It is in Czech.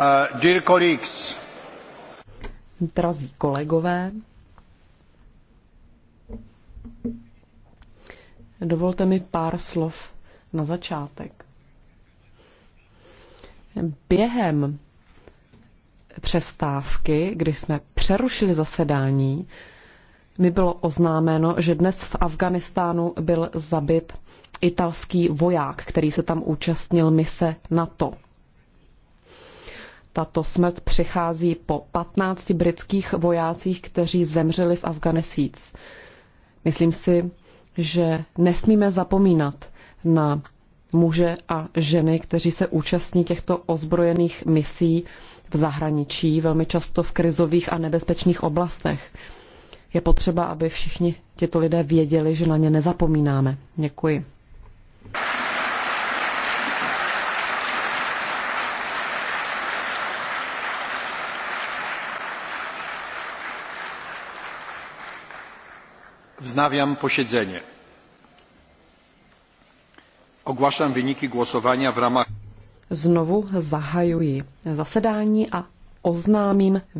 Uh, Drazí kolegové, dovolte mi pár slov na začátek. Během přestávky, kdy jsme přerušili zasedání, mi bylo oznámeno, že dnes v Afganistánu byl zabit italský voják, který se tam účastnil mise NATO. Tato smrt přichází po 15 britských vojácích, kteří zemřeli v Afganesíc. Myslím si, že nesmíme zapomínat na muže a ženy, kteří se účastní těchto ozbrojených misí v zahraničí, velmi často v krizových a nebezpečných oblastech. Je potřeba, aby všichni tito lidé věděli, že na ně nezapomínáme. Děkuji. Wznawiam posiedzenie. Ogłaszam wyniki głosowania w ramach. Znovu zahajuji zasedání a oznámím